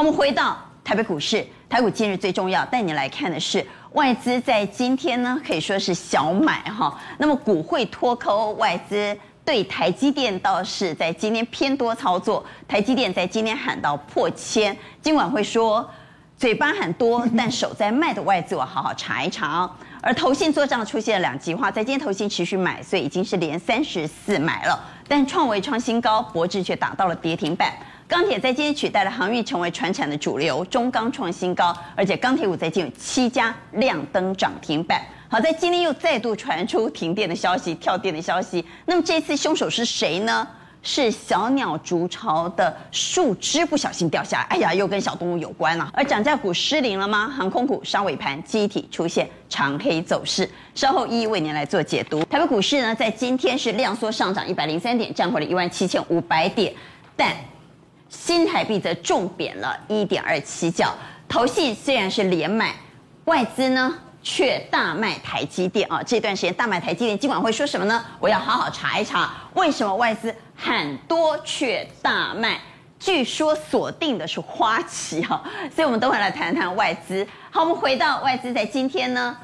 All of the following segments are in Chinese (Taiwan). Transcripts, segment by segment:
我們回到台北股市，台股今日最重要帶你來看的是外資在今天呢可以說是小買哈、哦。那麼股匯脫鈎，外資對台積電倒是在今天偏多操作，台積電在今天喊到破千，儘管會說嘴巴喊多，但手在賣的外資我好好查一查。 而投信做賬出現了兩極化，在今天投信持續買，所以已經是連三十四買了，但創惟創新高，博智卻打到了跌停板。鋼鐵在今天取代了航運，成為傳產的主流。中鋼創新高，而且鋼鐵股在今天有七家亮燈漲停板。好，在今天又再度傳出停電的消息，跳電的消息。那麼這次兇手是誰呢？是小鳥築巢的樹枝不小心掉下？哎呀，又跟小動物有關了、啊。而漲價股失靈了嗎？航空股殺尾盤，記憶體出現長黑走勢。稍後一一為您來做解讀。台北股市呢，在今天是量縮上漲一百零三點，站回了一萬七千五百點，但。新台幣則重貶了1.27角，投信雖然是連買，外資呢卻大賣台積電啊、哦！這段時間大賣台積電，今晚會說什麼呢？我要好好查一查，為什麼外資很多卻大賣？據說鎖定的是花旗哈、哦，所以我們等會來談談外資。好，我們回到外資，在今天呢？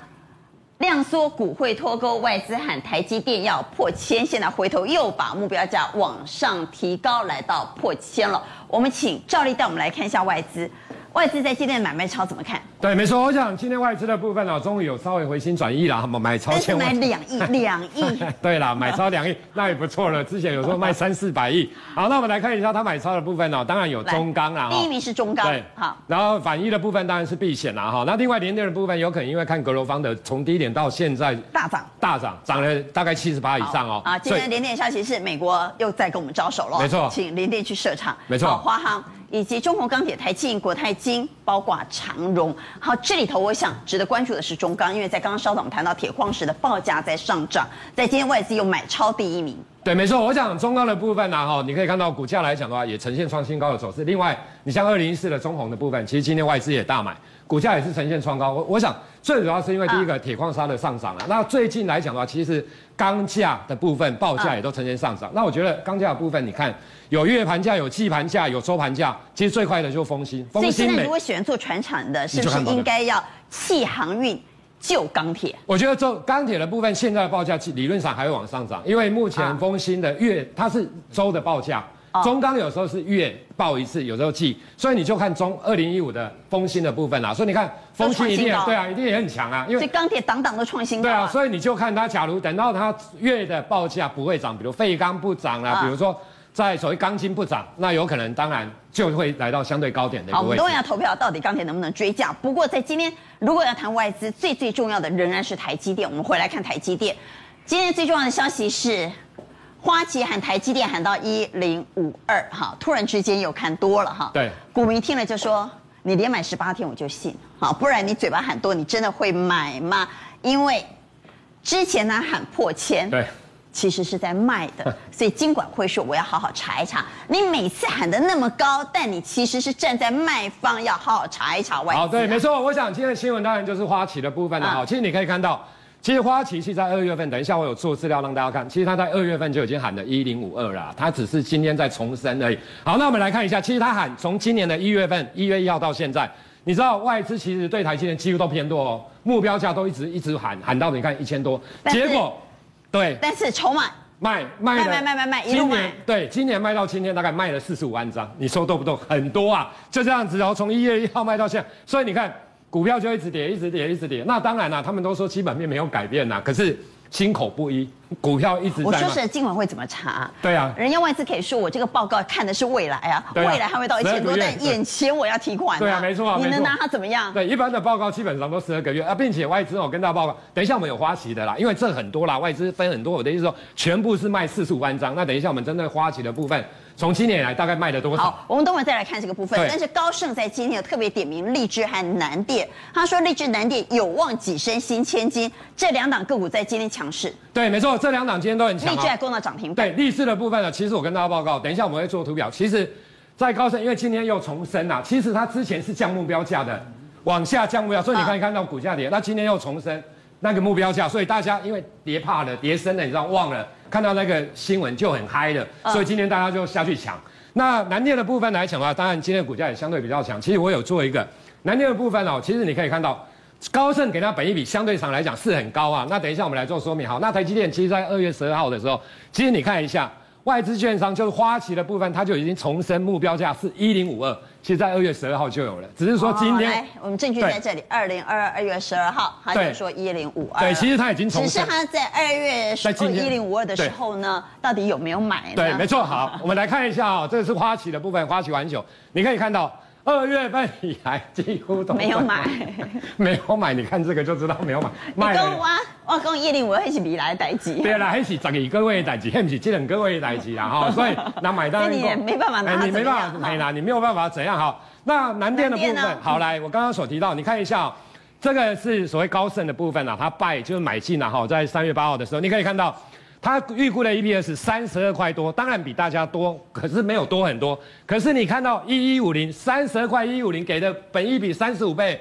量縮股匯脫鈎，外資喊台積電要破千，現在回頭又把目標價往上提高，來到破千了。我們請趙麗帶我們來看一下外資。外資在今天買賣超怎麼看？對，沒錯，我想今天外資的部分呢、啊，終於有稍微回心轉意了，哈，買超。但是買兩億，兩 億兩億。 對了，買超兩億， 那也不錯了。之前有時候賣三四百億。億 好，那我們來看一下他買超的部分呢、啊，當然有中鋼啊。第一名是中鋼。對，好。然後反一的部分當然是避險了哈。那另外聯電的部分有可能因為看格羅方的，從低點到現在大漲，大漲漲了大概七十八以上哦。啊，今天聯電的消息是美國又在跟我們招手了。沒錯，請聯電去設廠。沒錯，華航。以及中國鋼鐵、台積、國泰金、包括長榮。好，這裡頭我想值得關注的是中鋼，因為在剛剛稍早我們談到鐵礦石的報價在上漲，在今天外資又買超第一名。對，沒錯。我想中鋼的部分呢，哈，你可以看到股價來講的話，也呈現創新高的走勢。另外，你像二零一四的中鴻的部分，其實今天外資也大買，股價也是呈現創高。我我想最主要是因為第一個、啊、鐵礦砂的上漲了。那最近來講的話，其實鋼價的部分報價也都呈現上漲、啊。那我覺得鋼價的部分，你看有月盤價、有季盤價、有周盤價，其實最快的就是豐興，豐興。所以，那如果喜歡做船廠的，是不是應該要棄航運？舊鋼鐵，我覺得就鋼鐵的部分現在的報價，理論上還會往上漲，因為目前豐興的月，它是周的報價，中鋼有時候是月報一次，有時候季，所以你就看中二零一五的豐興的部分啦。所以你看，豐興一定對啊，一定也很強啊，因為鋼鐵擋擋的創新高。對啊，所以你就看它，假如等到它月的報價不會漲，比如廢鋼不漲啦、啊，比如說。在所謂鋼筋不漲，那有可能當然就會來到相對高點的位置。好，我們都要投票，到底鋼鐵能不能追價？不過在今天，如果要談外資，最最重要的仍然是台積電。我們回來看台積電，今天最重要的消息是，花旗喊台積電喊到一零五二哈，突然之間又看多了哈。對，股民聽了就說：“你連買十八天我就信哈，不然你嘴巴喊多，你真的會買嗎？”因為之前他喊破千。對。其實是在賣的，所以金管會說我要好好查一查。啊、你每次喊的那麼高，但你其實是站在賣方，要好好查一查。喂、啊，好，對，沒錯。我想今天的新聞當然就是花旗的部分了。好、啊，其實你可以看到，其實花旗是在二月份，等一下我有做資料讓大家看。其實他在二月份就已經喊了1052了，他只是今天在重申而已。好，那我們來看一下，其實他喊從今年的一月份一月一號到現在，你知道外資其實對台積電幾乎都偏多哦，目標價都一直一直喊喊到你看一千多，結果。對，但是籌碼賣賣賣賣賣賣一路賣，對，今年賣到今天大概賣了四十五萬張，你說多不多？很多啊。就這樣子，然後從一月一號賣到現在，所以你看股票就一直跌，一直跌，一直跌。那當然了、啊，他們都說基本面沒有改變吶、啊，可是。心口不一，股票一直在。我說是今晚會怎麼查？對啊，人家外資可以說我這個報告看的是未來啊，啊未來還會到一千多，但眼前我要提款、啊。對啊，沒錯、啊，你能拿它怎麼樣？對，一般的報告基本上都十二個月啊，並且外資我跟大家報告，等一下我們有花旗的啦，因為這很多啦，外資分很多。我的意思說，全部是賣四十五萬張，那等一下我們針對花旗的部分。從今年以來大概賣了多少？好，我們等會再來看這個部分。但是高盛在今天有特別點名立志和南電，他說立志南電有望躋身新千金，這兩檔個股在今天強勢。對，沒錯，這兩檔今天都很強、啊。立志也攻到漲停板。對，立志的部分呢、啊，其實我跟大家報告，等一下我們會做圖表。其實，在高盛因為今天又重申吶、啊，其實他之前是降目標價的，往下降目標，所以你可以看到股價跌、啊。那今天又重申。那個目標價，所以大家因為跌怕了，跌深了，你知道忘了，看到那個新聞就很嗨了，oh. 所以今天大家就下去搶。那南電的部分來講的話、啊、當然今天的股價也相對比較強。其實我有做一個南電的部分哦、喔，其實你可以看到，高盛給他本益比，相對上來講是很高啊。那等一下我們來做說明好。那台積電其實，在二月十二號的時候，其實你看一下。外資券商就是花旗的部分，它就已經重申目標價是一零五二，其實在二月十二號就有了，只是說今天好好好，我們證據在這裡，二零二二二月十二號，好，它就說一零五二。對，其實它已經重申，只是它在二月十，在今天一零五二的時候呢，到底有沒有買呢？對，沒錯，好，我們來看一下啊、喔，這是花旗的部分，花旗環球你可以看到。二月份以來幾乎都沒有買， 沒有買，你看這個就知道沒有買。你跟我，賣我啊，我講葉零五一起比來的代對啦，來那是屬於各位的代志，還不是只能各位的代誌啦。哈， 所以那買單你也沒辦法拿、哎，你沒辦法，沒啦，你沒有辦法怎樣哈？那南電的部分，哦、好來，我剛剛所提到，你看一下、哦，這個是所謂高盛的部分啦、啊，他拜就是買進啦，哈，在三月八號的時候，你可以看到。他預估的 EPS 三十二塊多，當然比大家多，可是沒有多很多。可是你看到一一五零三十二塊一五零給的本益比三十五倍，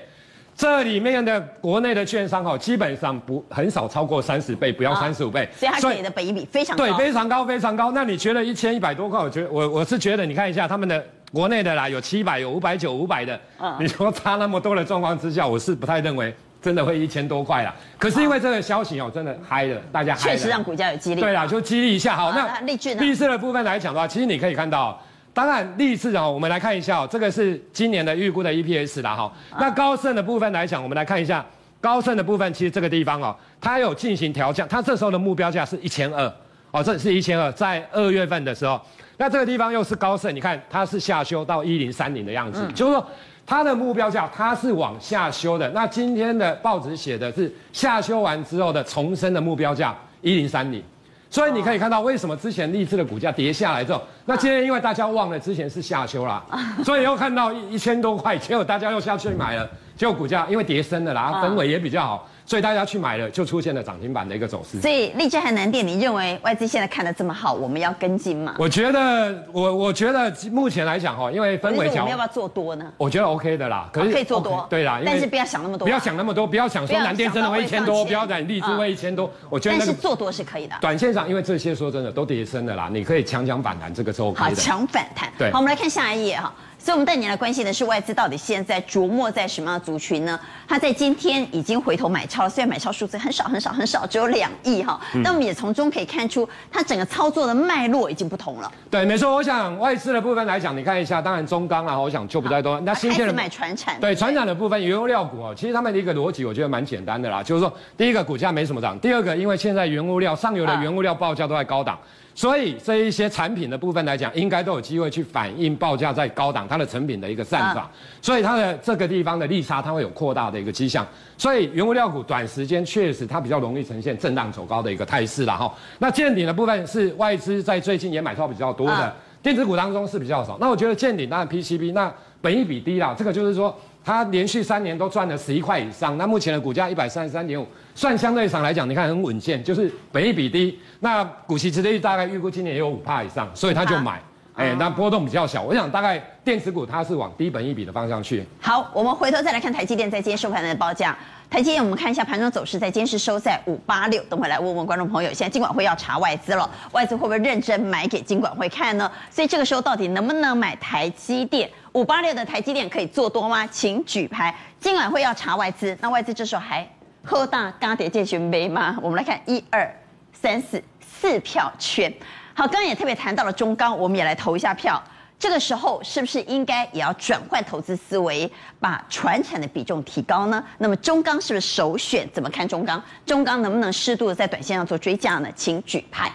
這裡面的國內的券商哈、哦，基本上不很少超過三十倍，不要三十五倍、啊，所以他給的本益比非常高對，非常高，非常高。那你覺得一千一百多塊？我覺得我我是覺得，你看一下他們的國內的啦，有七百，有五百九五百的，你說差那麼多的狀況之下，我是不太認為。真的會一千多塊啦，可是因為這個消息哦、喔，真的嗨了，大家嗨了，確實讓股價有激勵，對啦，就激勵一下、啊、好。那力駿、力俊、啊、的部分來講的話，其實你可以看到，當然力智哦，我們來看一下哦、喔，這個是今年的預估的 EPS 啦、喔，哈、啊。那高盛的部分來講，我們來看一下高盛的部分，其實這個地方哦、喔，它有進行調降，它這時候的目標價是一千二哦，這是一千二，在二月份的時候，那這個地方又是高盛，你看它是下修到一零三零的樣子、嗯，就是說。它的目標價，它是往下修的。那今天的報紙寫的是下修完之後的重申的目標價一零三零，所以你可以看到為什麼之前勵志的股價跌下來之後，那今天因為大家忘了之前是下修啦，所以又看到一,一千多塊，結果大家又下去買了，結果股價因為跌深了啦，氛圍也比較好。所以大家去買了，就出現了漲停板的一個走勢。所以荔枝和南電，你認為外資現在看的這麼好，我們要跟進嗎？我覺得，我我覺得目前來講哈，因為氛圍強，我們要不要做多呢？我覺得 OK 的啦，可是可以、OK、做多，OK, 對啦。但是不要想那麼多、啊，不要想那麼多，不要想說南電真的會一千多，嗯、不要講荔枝會一千多。嗯、我覺得、那個。但是做多是可以的、啊。短線上，因為這些說真的都跌深的啦，你可以強強反彈，這個是 OK 的。好，強反彈。對，好，我們來看下一頁哈。所以，我們帶你來關心的是外資到底現在琢磨在什麼樣的族群呢？它在今天已經回頭買超，雖然買超數字很少很少很少，只有兩億哈、哦。那、嗯、我們也從中可以看出，它整個操作的脈絡已經不同了。對，沒錯。我想外資的部分來講，你看一下，當然中鋼啊我想就不再多。那新建的買傳產，對傳產的部分，原物料股哦，其實它們的一個邏輯，我覺得蠻簡單的啦，就是說，第一個股價沒什麼漲，第二個，因為現在原物料上游的原物料報價都在高檔、啊，所以這一些產品的部分來講，應該都有機會去反映報價在高檔。它的成品的一個算法，所以它的這個地方的利差，它會有擴大的一個跡象，所以原物料股短時間確實它比較容易呈現震盪走高的一個態勢啦。哈。那見頂的部分是外資在最近也買超比較多的，電子股當中是比較少。那我覺得見頂當然 PCB 那本益比低啦，這個就是說它連續三年都賺了十一塊以上，那目前的股價一百三十三點五，算相對上來講你看很穩健，就是本益比低，那股息殖利率大概預估今年也有五趴以上，所以他就買。哎，那波動比較小，我想大概電子股它是往低本益比的方向去。好，我們回頭再來看台積電在今天收盤的報價。台積電，我們看一下盤中走勢，在今日收在五八六。等會來問問觀眾朋友，現在金管會要查外資了，外資會不會認真買給金管會看呢？所以這個時候到底能不能買台積電？五八六的台積電可以做多嗎？請舉牌。金管會要查外資，那外資這時候還喝大咖鐵劍雄沒嗎？我們來看一二三四四票圈。好，剛剛也特別談到了中鋼，我們也來投一下票。這個時候是不是應該也要轉換投資思維，把傳產的比重提高呢？那麼中鋼是不是首選？怎麼看中鋼？中鋼能不能適度的在短線上做追加呢？請舉牌。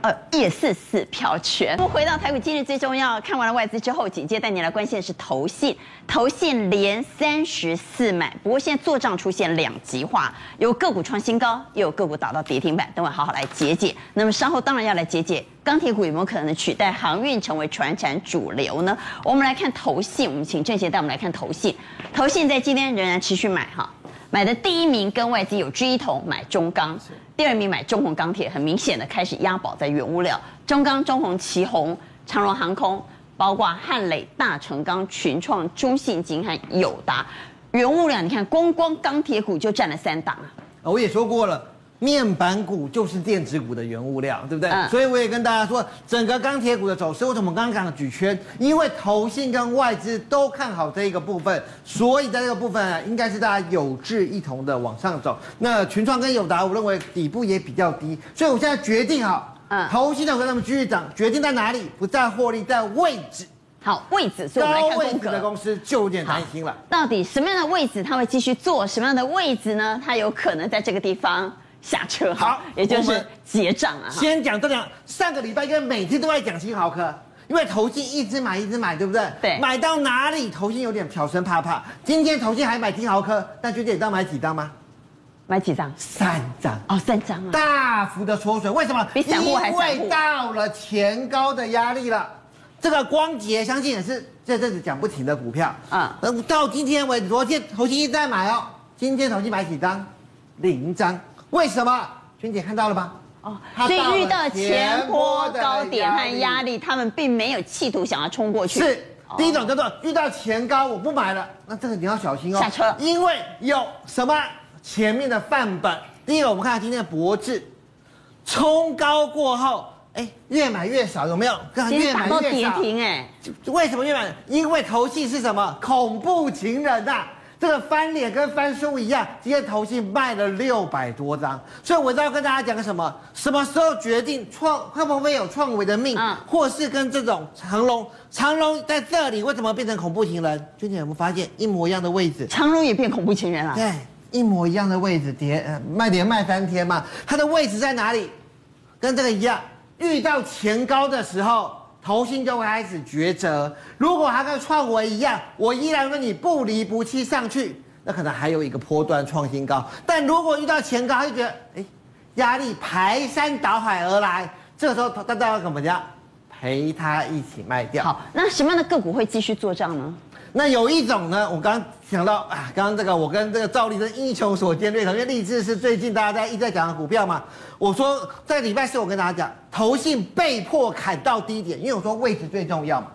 呃，也四四票全。我們回到台股，今日最重要看完了外資之後，緊接帶您來關心的是投信。投信連三十四買，不過現在做賬出現兩極化，有個股創新高，又有個股打到跌停板。等我好好來解解。那麼稍後當然要來解解，鋼鐵股有沒有可能取代航運成為傳產主流呢？我們來看投信，我們請鄭杰帶我們來看投信。投信在今天仍然持續買哈。買的第一名跟外資有志一同買中鋼，第二名買中鴻鋼鐵，很明顯的開始押寶在原物料，中鋼、中鴻、旗紅、長榮航空，包括漢磊、大成鋼、群創、中信金和友達，還有達原物料，你看光光鋼鐵股就占了三檔啊，我也說過了。面板股就是電子股的原物料，對不對、嗯？所以我也跟大家說，整個鋼鐵股的走勢，為什麼剛剛講的舉圈？因為投信跟外資都看好這一個部分，所以在這個部分啊，應該是大家有志一同的往上走。那群創跟友達，我認為底部也比較低，所以我現在決定好，嗯，投信的和他們繼續漲。決定在哪裡？不再獲利，在位置。好，位置，所以我們來看高位置的公司就有點擔心了。到底什麼樣的位置他會繼續做？什麼樣的位置呢？他有可能在這個地方。下車、啊、好，也就是結賬啊。先講這兩，上個禮拜跟每次都愛講金豪科，因為投信一直買一直買，對不對？對。買到哪裡？投信有點飄生怕怕。今天投信還買金豪科，但娟姐你知道買幾張嗎？買幾張？三張。哦，三張啊！大幅的縮水，為什麼？比散戶還散戶。因為到了前高的壓力了。這個光潔相信也是這陣子講不停的股票。啊、嗯、那到今天為止，昨天投信一直在買哦，今天投信買幾張？零張。為什麼娟姐，看到了嗎？哦，所以遇到前波高點和壓力，壓力他們並沒有企圖想要衝過去。是第一種叫做、哦、遇到前高我不買了，那這個你要小心哦。下車，因為有什麼前面的範本？第一個我們看，看今天的博智，衝高過後，哎，越買越少，有沒有？今天越越打越跌停哎、欸，為什麼越買？因為投信是什麼？恐怖情人的、啊。這個翻臉跟翻書一樣，今天投信賣了六百多張，所以我知道跟大家講個什麼？什麼時候決定創？會不會有創維的命、啊？或是跟這種長榮，長榮在這裡為什麼變成恐怖情人？娟姐有沒有發現一模一樣的位置？長榮也變恐怖情人了？對，一模一樣的位置，疊賣疊賣三天嘛，它的位置在哪裡？跟這個一樣，遇到前高的時候。投信就會開始抉擇，如果他跟創維一樣，我依然跟你不離不棄上去，那可能還有一個波段創新高。但如果遇到前高，他就覺得哎，壓力排山倒海而來，這個時候大家要怎麼樣？陪他一起賣掉。好，那什麼樣的個股會繼續做賬呢？那有一種呢，我剛想到啊，剛剛這個我跟這個趙立珍英雄所見略同，因為立志是最近大家在一直在講的股票嘛。我說在禮拜四我跟大家講，投信被迫砍到低點，因為我說位置最重要嘛。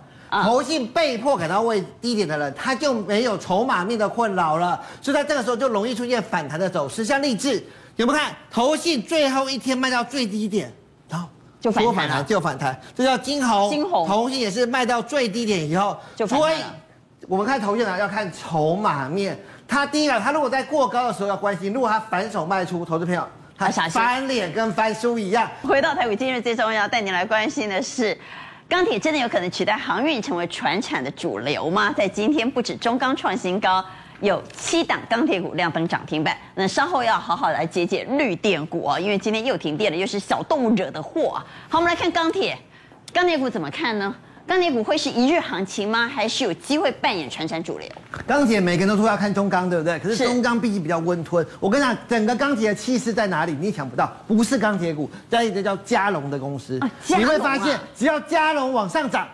投信被迫砍到位低點的人，他就沒有籌碼面的困擾了，所以在這個時候就容易出現反彈的走勢。像立志有沒有看投信最後一天賣到最低點，然後就反，反就反彈，就反彈，這叫金鴻。金鴻，投信也是賣到最低點以後就反彈了。我們看投信啊，要看籌碼面。它第一啊，它如果在過高的時候要關心。如果它反手賣出，投資朋友，他想翻臉跟翻書一樣。啊、回到台股今日最重要，帶你來關心的是，鋼鐵真的有可能取代航運成為傳產的主流嗎？在今天不止中鋼創新高，有七檔鋼鐵股亮燈漲停板。那稍後要好好來解解綠電股啊、哦，因為今天又停電了，又是小動物惹的禍。好，我們來看鋼鐵，鋼鐵股怎麼看呢？鋼鐵股會是一日行情嗎？還是有機會扮演傳產主流？鋼鐵每個人都說要看中鋼，對不對？可是中鋼畢竟比較溫吞。我跟你講，整個鋼鐵的氣勢在哪裡？你也想不到，不是鋼鐵股，在一個叫嘉龍的公司、啊啊。你會發現，只要嘉龍往上漲。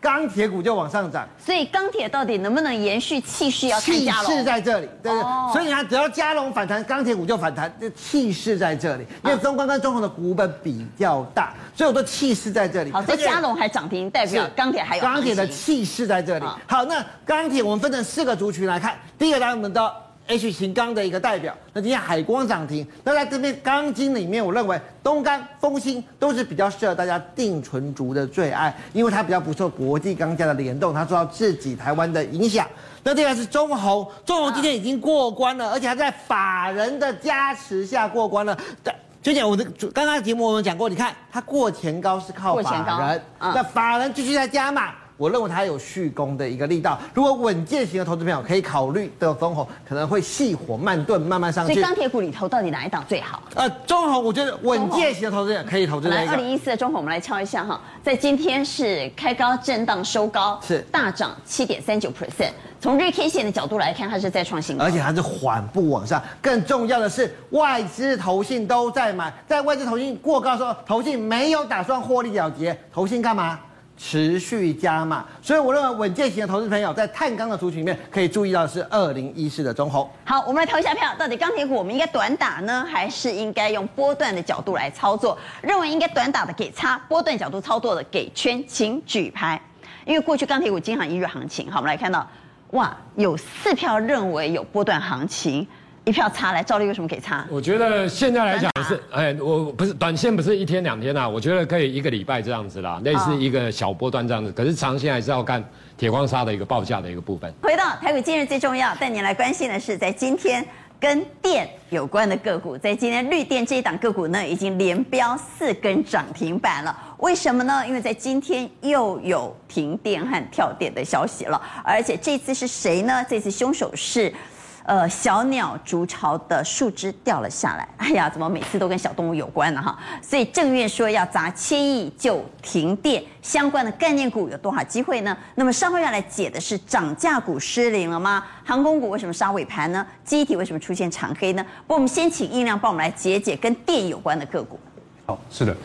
鋼鐵股就往上漲，所以鋼鐵到底能不能延續氣勢要看，要氣勢在這裡，對對？Oh. 所以你看，只要加龍反彈，鋼鐵股就反彈，這氣勢在這裡。因為中鋼跟中鴻的股本比較大，所以我說氣勢在這裡。Oh. 好，這加龍還漲停，代表鋼鐵還有。鋼鐵的氣勢在這裡。Oh. 好，那鋼鐵我們分成四個族群來看，第一個來我們的。H 型鋼的一個代表，那今天海光漲停。那在這邊鋼筋裡面，我認為東鋼、豐興都是比較適合大家定存族的最愛，因為它比較不受國際鋼價的聯動，它受到自己台灣的影響。那第二個是中鴻，中鴻今天已經過關了，啊，而且還在法人的加持下過關了。就像我們的剛剛節目我們講過，你看它過前高是靠法人，啊、那法人繼續在加嘛？我認為它有蓄功的一個力道，如果穩健型的投資朋友可以考慮的中鴻可能會細火慢燉，慢慢上去。所以鋼鐵股裡頭到底哪一檔最好？呃，中鴻，我覺得穩健型的投資人可以投資。投資投資來，二零一四的中鴻我們來敲一下哈，在今天是開高震盪收高，是大漲七點三九 percent。從日 K 線的角度來看，它是在創新高，而且它是緩步往上，更重要的是外資投信都在買，在外資投信過高的時候，投信沒有打算獲利了結，投信幹嘛？持續加碼，所以我認為穩健型的投資朋友在碳鋼的族群裡面可以注意到的是二零一四的中鴻。好，我們來投一下票，到底鋼鐵股我們應該短打呢，還是應該用波段的角度來操作？認為應該短打的給叉，波段角度操作的給圈，請舉牌。因為過去鋼鐵股經常一日行情。好，我們來看到，哇，有四票認為有波段行情。一票差來，照例為什麼可以差？我覺得現在來講不是，哎，我不是短線，不是一天兩天啦、啊，我覺得可以一個禮拜這樣子啦，哦、類似一個小波段這樣子。可是長線還是要看鐵礦砂的一個報價的一個部分。回到台股今日最重要，帶您來關心的是，在今天跟電有關的個股，在今天綠電這一檔個股呢，已經連飆四根漲停板了。為什麼呢？因為在今天又有停電和跳電的消息了，而且這次是誰呢？這次凶手是。呃，小鳥築巢的樹枝掉了下來。哎呀，怎麼每次都跟小動物有關呢？哈，所以政院說要砸千億就停電，相關的概念股有多少機會呢？那麼，上回要來解的是漲價股失靈了嗎？航空股為什麼殺尾盤呢？記憶體為什麼出現長黑呢？不過，我們先請應亮幫我們來解解跟電有關的個股。好，是的。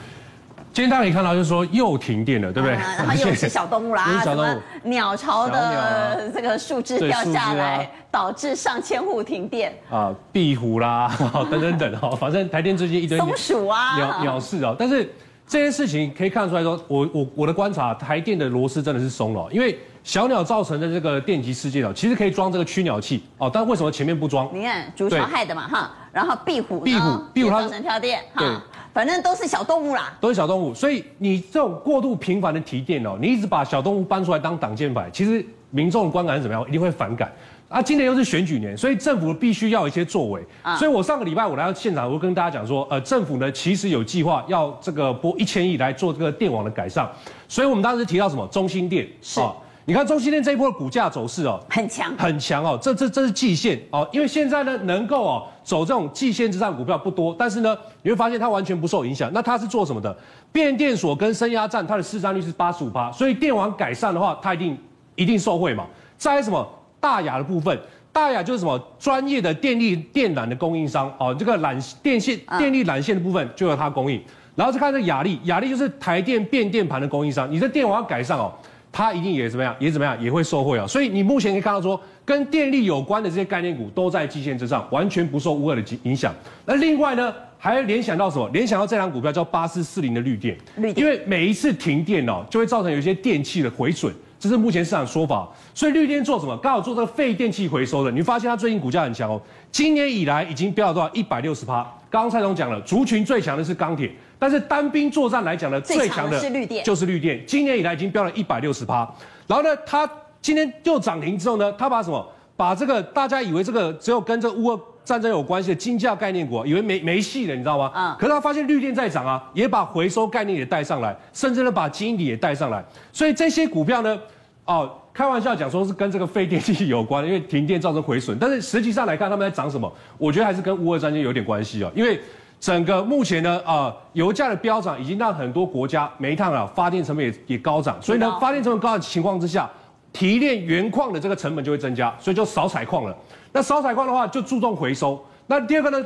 今天大家可以看到，就是說又停電了，對不對？然、嗯、後、啊、又是小動物啦，動 物鳥巢的這個樹枝掉下來、啊啊，導致上千戶停電啊，壁虎啦， 等等等，哈、哦，反正台電最近一堆松鼠啊，鳥鳥事啊、哦。但是這件事情可以看出來說，我我我的觀察，台電的螺絲真的是鬆了，因為小鳥造成的這個電擊事件啊，其實可以裝這個驅鳥器啊、哦，但為什麼前面不裝？你看，竹巢害的嘛，哈，然後壁虎，壁虎，壁虎造成跳電，哈。反正都是小動物啦，都是小動物，所以你這種過度頻繁的提電哦，你一直把小動物搬出來當擋箭牌，其實民眾的觀感是怎麼樣？一定會反感。啊，今年又是選舉年，所以政府必須要有一些作為。啊。所以我上個禮拜我來到現場，我跟大家講說，呃，政府呢其實有計劃要這個撥一千億來做這個電網的改善，所以我們當時提到什麼中心電是。哦你看中興電這一波的股價走勢哦，很強，很強哦。這這這是季線哦，因為現在呢能夠哦走這種季線之上股票不多，但是呢你會發現它完全不受影響。那它是做什麼的？變電所跟升壓站，它的市佔率是八十五趴，所以電網改善的話，它一定一定受惠嘛。再來什麼大亞的部分，大亞就是什麼專業的電力電纜的供應商哦，這個纜電線電力纜線的部分就有它供應。然後再看這亞力，亞力就是台電變電盤的供應商，你的電網要改善哦。它一定也怎麼樣，也怎麼樣，也會受惠啊。所以你目前可以看到，說跟電力有關的這些概念股都在季線之上，完全不受烏俄的影響。那另外呢，還聯想到什麼？聯想到這張股票叫八四四零的綠電，因為每一次停電哦，就會造成有一些電器的毀損。這是目前市場的說法，所以綠電做什麼？剛好做這個廢電器回收的。你發現它最近股價很強哦，今年以來已經飆了多少？一百六十趴。剛剛蔡總講了，族群最強的是鋼鐵，但是單兵作戰來講呢，最強的是綠電，最強的就是綠電。今年以來已經飆了一百六十趴，然後呢，它今天又漲停之後呢，它把什麼？把這個大家以為這個只有跟這個烏。戰爭有關係的金價概念股以為沒沒戲了，你知道嗎？嗯、uh.，可是他發現綠電在漲啊，也把回收概念也帶上來，甚至呢把金底也帶上來。所以這些股票呢，哦，開玩笑講說是跟這個廢電器有關，因為停電造成回損。但是實際上來看，他們在漲什麼？我覺得還是跟烏俄戰爭有點關係哦，因為整個目前呢，啊、呃，油價的飆漲已經讓很多國家煤炭啊發電成本也也高漲，所以呢，yeah. 發電成本高漲的情況之下。提煉原礦的這個成本就會增加，所以就少採礦了。那少採礦的話，就注重回收。那第二個呢，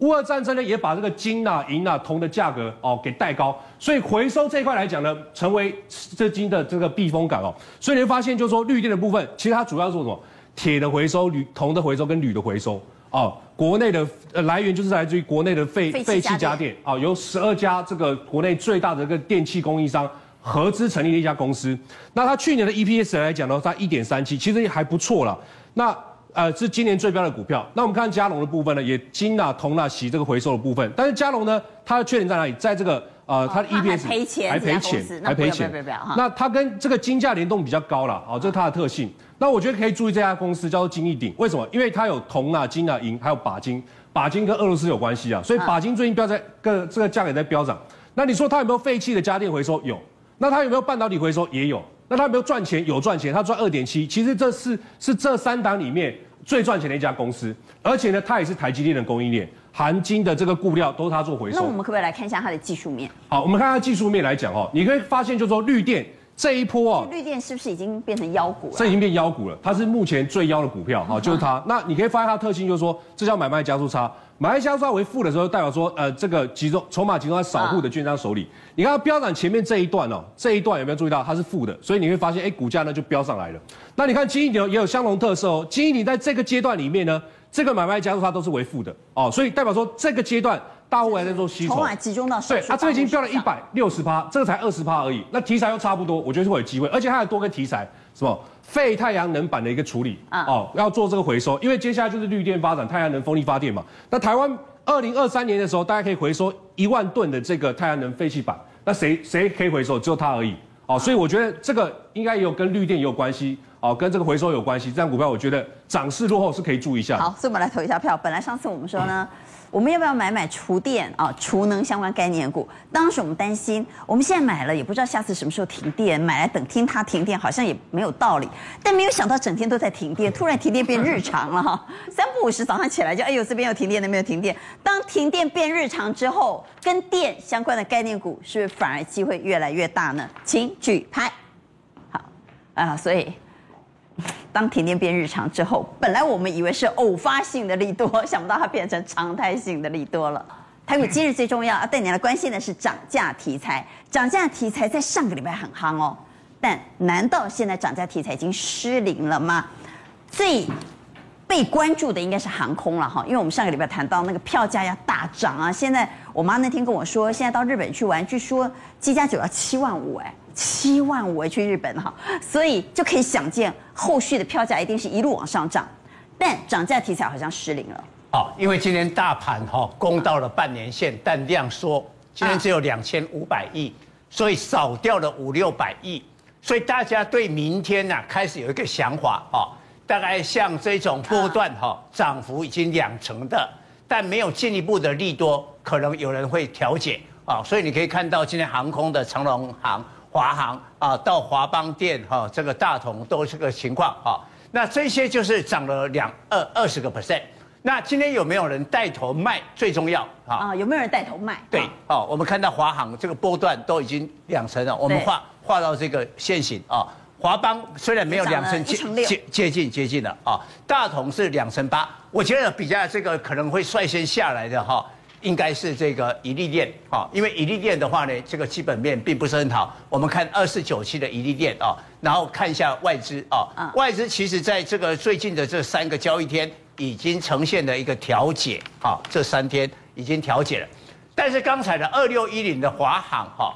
烏俄戰爭呢，也把這個金啊、銀啊、銅的價格哦給帶高，所以回收這一塊來講呢，成為這金的這個避風港哦。所以你會發現，就是說綠電的部分，其實它主要做什麼？鐵的回收、鋁、銅的回收跟鋁的回收哦，國內的來源就是來自於國內的廢廢棄家電啊、哦，有十二家這個國內最大的一個電器供應商。合資成立的一家公司，那它去年的 EPS 來講呢，在一點三七，其實也還不錯了。那呃，是今年最標的股票。那我們看佳龍的部分呢，也金啊、銅啊、錫、啊、這個回收的部分。但是佳龍呢，它的缺點在哪裡？在這個呃，它 EPS、哦、他還賠錢，還賠錢，還賠錢。那它跟這個金價聯動比較高了、哦，啊這是它的特性。那我覺得可以注意這家公司，叫做金益鼎。為什麼？因為它有銅啊、金啊、銀，還有钯金，钯金跟俄羅斯有關係啊，所以钯金最近飆在、啊、跟這個價格也在飆漲。那你說它有沒有廢棄的家電回收？有。那它有沒有半導體回收？也有。那它有沒有賺錢？有賺錢，它賺二點七。其實這是是這三檔裡面最賺錢的一家公司，而且呢，它也是台積電的供應鏈，含金的這個固料都是它做回收。那我們可不可以來看一下它的技術面？好，我們看它技術面來講哦，你可以發現，就是說，綠電。這一波啊、哦，綠電是不是已經變成妖股了？這已經變妖股了，它是目前最妖的股票啊、 哦，就是它。那你可以發現它的特性，就是說，這叫買賣加速差。買賣加速差為負的時候，代表說，呃，這個集中籌碼集中在少戶的券商手裡。啊、你看它飆漲前面這一段哦，這一段有沒有注意到它是負的？所以你會發現，誒股價呢就飆上來了。那你看金益鼎也有相同特色哦，金益鼎在這個階段裡面呢，這個買賣加速差都是為負的哦，所以代表說這個階段。大戶還在做吸籌，對，它、啊、這已經飆了一百六十趴，這個才二十趴而已。那題材又差不多，我覺得是會有機會，而且還有多個題材，什麼廢太陽能板的一個處理、啊、哦，要做這個回收，因為接下來就是綠電發展、太陽能、風力發電嘛。那台灣二零二三年的時候，大家可以回收一萬噸的這個太陽能廢棄板，那誰誰可以回收，只有它而已。哦，所以我覺得這個應該也有跟綠電也有關係，哦，跟這個回收有關係。這檔股票我覺得漲勢落後是可以注意一下。好，所以我們來投一下票。本來上次我們說呢。嗯我們要不要買買儲電啊、儲能相關概念股？當時我們擔心，我們現在買了也不知道下次什麼時候停電，買來等聽它停電好像也沒有道理。但沒有想到，整天都在停電，突然停電變日常了哈。三不五時，早上起來就哎呦，這邊要停電，那邊有停電。當停電變日常之後，跟電相關的概念股是不是反而機會越來越大呢？請舉牌。好啊，所以。當甜甜變日常之後，本來我們以為是偶發性的利多，想不到它變成常態性的利多了。台股今日最重要啊，帶你來關心的是漲價題材。漲價題材在上個禮拜很夯哦，但難道現在漲價題材已經失靈了嗎？最被關注的應該是航空了哈，因為我們上個禮拜談到那個票價要大漲啊。現在我媽那天跟我說，現在到日本去玩，據說機加酒要七萬五哎。七萬五去日本哈，所以就可以想見後續的票價一定是一路往上漲，但漲價題材好像失靈了。好、哦、因為今天大盤哈、哦、攻到了半年線、啊，但量縮，今天只有兩千五百億、啊，所以少掉了五六百億。所以大家對明天呢、啊、開始有一個想法啊、哦，大概像這種波段哈、哦啊、漲幅已經兩成的，但沒有進一步的利多，可能有人會調節啊、哦。所以你可以看到今天航空的長榮航。華航啊，到華邦電哈，這個大同都是個情況啊。那這些就是漲了兩二二十個 percent。那今天有沒有人帶頭賣最重要啊？啊，有沒有人帶頭賣？對，啊，我們看到華航這個波段都已經兩成了，我們畫畫到這個線形啊。華邦雖然沒有兩成接近接近接近了啊，大同是兩成八，我覺得比較，這個可能會率先下來的哈。應該是這個怡利電啊，因為怡利電的話呢，這個基本面並不是很好。我們看二四九七的怡利電啊，然後看一下外資啊，外資其實在這個最近的這三個交易天已經呈現了一個調節啊，這三天已經調節了。但是剛才的二六一零的華航哈，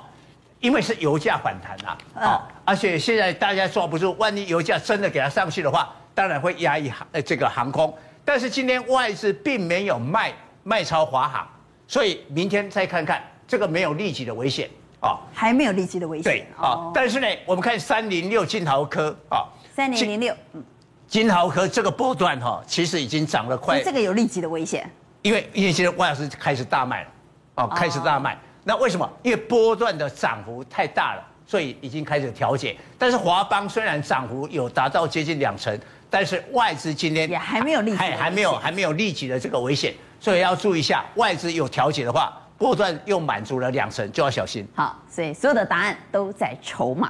因為是油價反彈啊，啊，而且現在大家抓不住，萬一油價真的給它上去的話，當然會壓抑航這個航空。但是今天外資並沒有賣賣超華航。所以明天再看看，這個沒有立即的危險啊、哦，還沒有立即的危險。對啊、哦，但是呢，我們看三零六晶豪科啊，三零零六，嗯，晶豪科這個波段哈、哦，其實已經漲了快，這個有立即的危險。因為現在外資開始大賣了，啊、哦哦，開始大賣。那為什麼？因為波段的漲幅太大了，所以已經開始調節。但是華邦雖然漲幅有達到接近兩成，但是外資今天也還沒有立，立，還還沒有還沒有立即的這個危險。所以要注意一下，外資有調節的話，波段又滿足了兩成，就要小心。好，所以所有的答案都在籌碼。